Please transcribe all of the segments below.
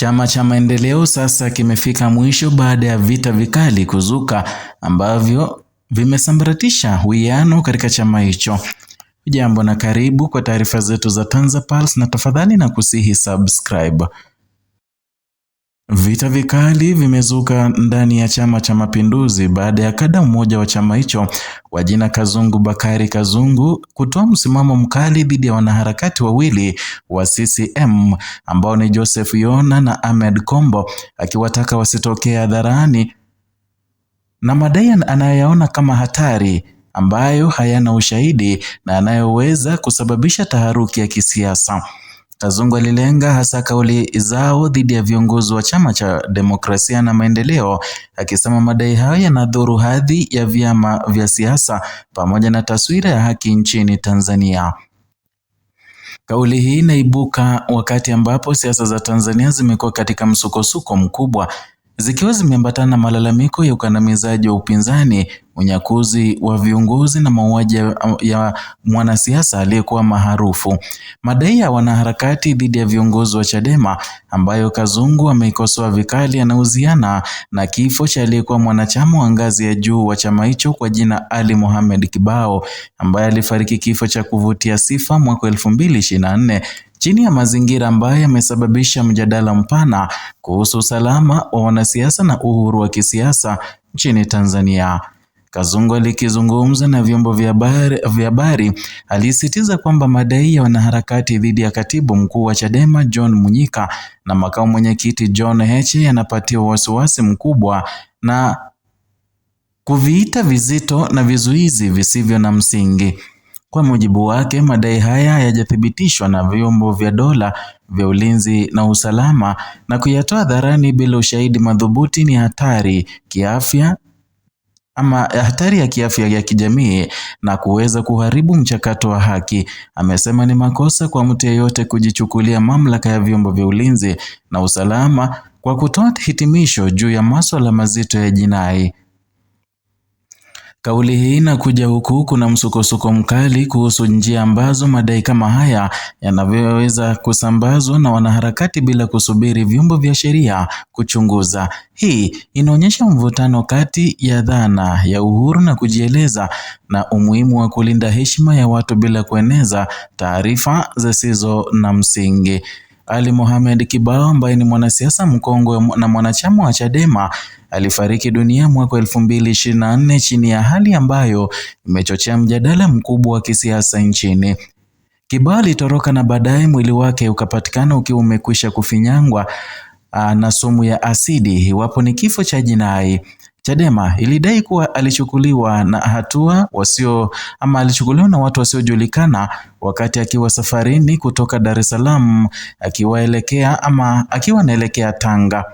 Chama cha Maendeleo sasa kimefika mwisho baada ya vita vikali kuzuka ambavyo vimesambaratisha uwiano katika chama hicho. Jambo na karibu kwa taarifa zetu za TanzaPulse na tafadhali na kusihi subscribe. Vita vikali vimezuka ndani ya Chama cha Mapinduzi baada ya kada mmoja wa chama hicho kwa jina Kazungu Bakari Kazungu kutoa msimamo mkali dhidi ya wanaharakati wawili wa CCM ambao ni Joseph Yona na Ahmed Kombo, akiwataka wasitokee hadharani na madai anayoyaona kama hatari ambayo hayana ushahidi na anayoweza kusababisha taharuki ya kisiasa. Tazungu alilenga hasa kauli zao dhidi ya viongozi wa Chama cha Demokrasia na Maendeleo, akisema madai hayo yanadhuru hadhi ya vyama vya siasa pamoja na taswira ya haki nchini Tanzania. Kauli hii inaibuka wakati ambapo siasa za Tanzania zimekuwa katika msukosuko mkubwa zikiwa zimeambatana na malalamiko ya ukandamizaji wa upinzani, unyakuzi wa viongozi na mauaji ya mwanasiasa aliyekuwa maarufu. Madai ya wanaharakati dhidi ya viongozi wa Chadema ambayo Kazungu ameikosoa vikali yanahusiana na kifo cha aliyekuwa mwanachama wa ngazi ya juu wa chama hicho kwa jina Ali Mohamed Kibao ambaye alifariki kifo cha kuvutia sifa mwaka 2024 chini ya mazingira ambayo yamesababisha mjadala mpana kuhusu usalama wa wanasiasa na uhuru wa kisiasa nchini Tanzania. Kazungu alikizungumza na vyombo vya habari alisisitiza kwamba madai ya wanaharakati dhidi ya katibu mkuu wa Chadema John Munyika na makamu mwenyekiti John Heche yanapatiwa wasiwasi mkubwa na kuviita vizito na vizuizi visivyo na msingi. Kwa mujibu wake, madai haya hayajathibitishwa na vyombo vya dola vya ulinzi na usalama na kuyatoa hadharani bila ushahidi madhubuti ni hatari kiafya ama hatari ya kiafya ya kijamii na kuweza kuharibu mchakato wa haki. Amesema ni makosa kwa mtu yeyote kujichukulia mamlaka ya vyombo vya ulinzi na usalama kwa kutoa hitimisho juu ya masuala mazito ya jinai. Kauli hii inakuja huku kuna msukosuko mkali kuhusu njia ambazo madai kama haya yanavyoweza kusambazwa na wanaharakati bila kusubiri vyombo vya sheria kuchunguza. Hii inaonyesha mvutano kati ya dhana ya uhuru na kujieleza na umuhimu wa kulinda heshima ya watu bila kueneza taarifa zisizo na msingi. Ali Mohamed Kibao ambaye ni mwanasiasa mkongwe na mwanachama wa Chadema alifariki dunia mwaka 2024 chini ya hali ambayo imechochea mjadala mkubwa wa kisiasa nchini. Kibao alitoroka na baadaye mwili wake ukapatikana ukiwa umekwisha kufinyangwa ah, na sumu ya asidi, iwapo ni kifo cha jinai. Chadema ilidai kuwa alichukuliwa na hatua wasio ama alichukuliwa na watu wasiojulikana wakati akiwa safarini kutoka Dar es Salaam akiwaelekea ama akiwa anaelekea Tanga.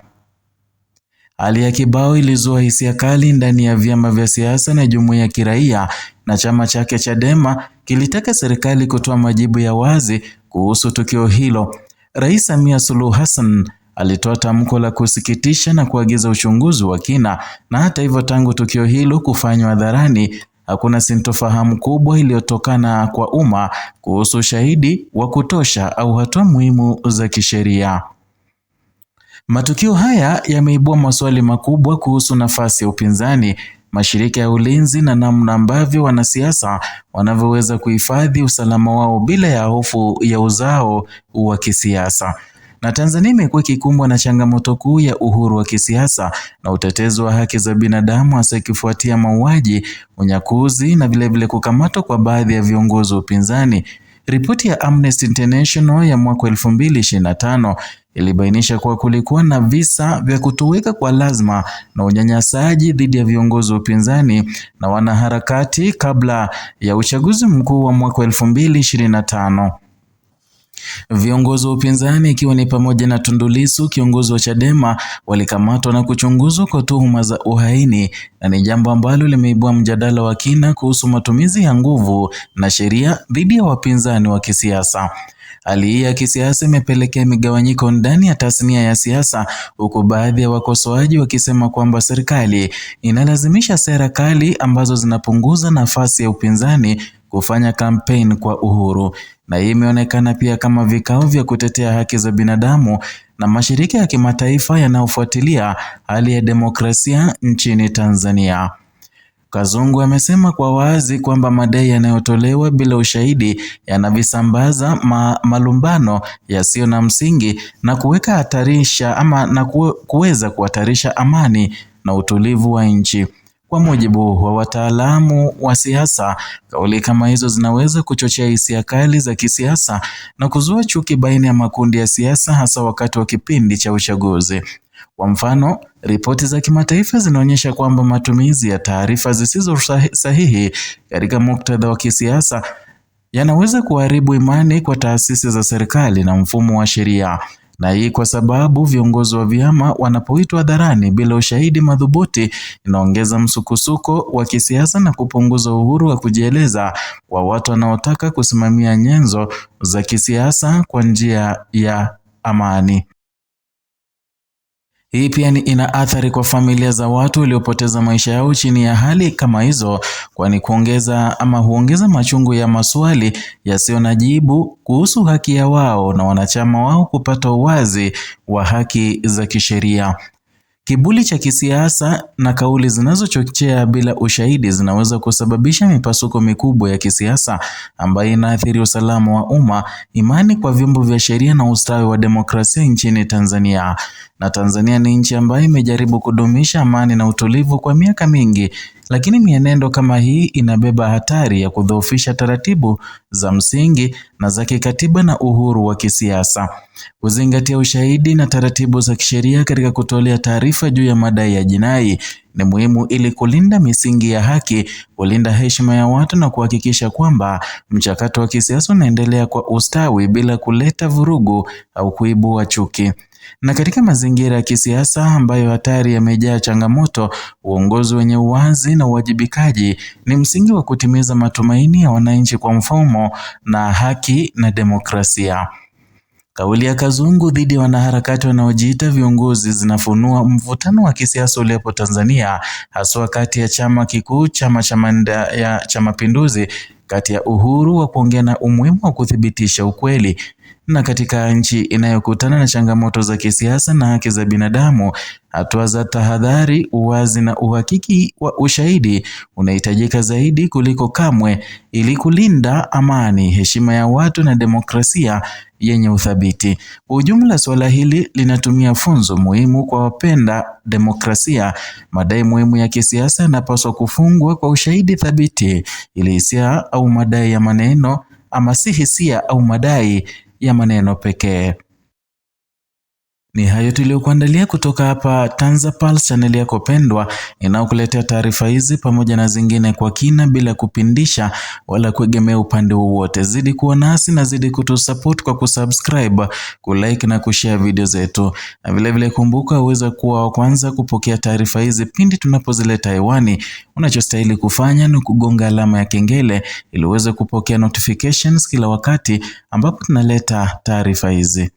Hali ya kibao ilizua hisia kali ndani ya vyama vya siasa na jumuiya ya kiraia, na chama chake Chadema kilitaka serikali kutoa majibu ya wazi kuhusu tukio hilo. Rais Samia Suluhu Hassan Alitoa tamko la kusikitisha na kuagiza uchunguzi wa kina, na hata hivyo, tangu tukio hilo kufanywa hadharani hakuna sintofahamu kubwa iliyotokana kwa umma kuhusu ushahidi wa kutosha au hatua muhimu za kisheria. Matukio haya yameibua maswali makubwa kuhusu nafasi ya upinzani, mashirika ya ulinzi na namna ambavyo wanasiasa wanavyoweza kuhifadhi usalama wao bila ya hofu ya uzao wa kisiasa na Tanzania imekuwa ikikumbwa na changamoto kuu ya uhuru wa kisiasa na utetezi wa haki za binadamu hasa ikifuatia mauaji, unyakuzi na vilevile kukamatwa kwa baadhi ya viongozi wa upinzani. Ripoti ya Amnesty International ya mwaka 2025 ilibainisha kuwa kulikuwa na visa vya kutoweka kwa lazima na unyanyasaji dhidi ya viongozi wa upinzani na wanaharakati kabla ya uchaguzi mkuu wa mwaka 2025. Viongozi wa upinzani ikiwa ni pamoja na Tundu Lissu, kiongozi wa Chadema, walikamatwa na kuchunguzwa kwa tuhuma za uhaini, na ni jambo ambalo limeibua mjadala wa kina kuhusu matumizi ya nguvu na sheria dhidi ya wapinzani wa kisiasa. Hali hii ya kisiasa imepelekea migawanyiko ndani ya tasnia ya siasa, huku baadhi ya wakosoaji wakisema kwamba serikali inalazimisha sera kali ambazo zinapunguza nafasi ya upinzani kufanya kampeni kwa uhuru na hii imeonekana pia kama vikao vya kutetea haki za binadamu na mashirika ya kimataifa yanayofuatilia hali ya demokrasia nchini Tanzania. Kazungu amesema kwa wazi kwamba madai yanayotolewa bila ushahidi yanavisambaza ma, malumbano yasiyo na msingi na kuweka hatarisha ama na kuweza kuhatarisha amani na utulivu wa nchi. Kwa mujibu wa wataalamu wa siasa, kauli kama hizo zinaweza kuchochea hisia kali za kisiasa na kuzua chuki baina ya makundi ya siasa hasa wakati wa kipindi cha uchaguzi. Kwa mfano, ripoti za kimataifa zinaonyesha kwamba matumizi ya taarifa zisizo sahihi katika muktadha wa kisiasa yanaweza kuharibu imani kwa taasisi za serikali na mfumo wa sheria na hii kwa sababu viongozi wa vyama wanapoitwa hadharani bila ushahidi madhubuti inaongeza msukosuko wa kisiasa na kupunguza uhuru wa kujieleza kwa watu wanaotaka kusimamia nyenzo za kisiasa kwa njia ya amani. Hii pia ina athari kwa familia za watu waliopoteza maisha yao chini ya hali kama hizo, kwani kuongeza ama huongeza machungu ya maswali yasiyo na jibu kuhusu haki ya wao na wanachama wao kupata uwazi wa haki za kisheria. kibuli cha kisiasa na kauli zinazochochea bila ushahidi zinaweza kusababisha mipasuko mikubwa ya kisiasa ambayo inaathiri usalama wa umma, imani kwa vyombo vya sheria na ustawi wa demokrasia nchini Tanzania na Tanzania ni nchi ambayo imejaribu kudumisha amani na utulivu kwa miaka mingi, lakini mienendo kama hii inabeba hatari ya kudhoofisha taratibu za msingi na za kikatiba na uhuru wa kisiasa. Kuzingatia ushahidi na taratibu za kisheria katika kutolea taarifa juu ya madai ya jinai ni muhimu ili kulinda misingi ya haki, kulinda heshima ya watu na kuhakikisha kwamba mchakato wa kisiasa unaendelea kwa ustawi bila kuleta vurugu au kuibua chuki. Na katika mazingira ya kisiasa ambayo hatari yamejaa changamoto, uongozi wenye uwazi na uwajibikaji ni msingi wa kutimiza matumaini ya wananchi kwa mfumo na haki na demokrasia. Kauli ya Kazungu dhidi ya wanaharakati wanaojiita viongozi zinafunua mvutano wa kisiasa uliopo Tanzania, haswa kati ya chama kikuu Chama cha Mapinduzi, kati ya uhuru wa kuongea na umuhimu wa kuthibitisha ukweli na katika nchi inayokutana na changamoto za kisiasa na haki za binadamu, hatua za tahadhari, uwazi na uhakiki wa ushahidi unahitajika zaidi kuliko kamwe ili kulinda amani, heshima ya watu na demokrasia yenye uthabiti. Kwa ujumla, suala hili linatumia funzo muhimu kwa wapenda demokrasia. Madai muhimu ya kisiasa yanapaswa kufungwa kwa ushahidi thabiti, ili hisia au madai ya maneno ama si hisia au madai ya maneno pekee. Ni hayo tuliyokuandalia kutoka hapa TanzaPulse, channel yako pendwa inayokuletea taarifa hizi pamoja na zingine kwa kina bila kupindisha wala kuegemea upande wowote. Zidi kuwa nasi na zidi kutusupport kwa kusubscribe, kulike na kushare video zetu, na vilevile kumbuka uweza kuwa wa kwanza kupokea taarifa hizi pindi tunapozileta hewani. Unachostahili kufanya ni kugonga alama ya kengele ili uweze kupokea notifications kila wakati ambapo tunaleta taarifa hizi.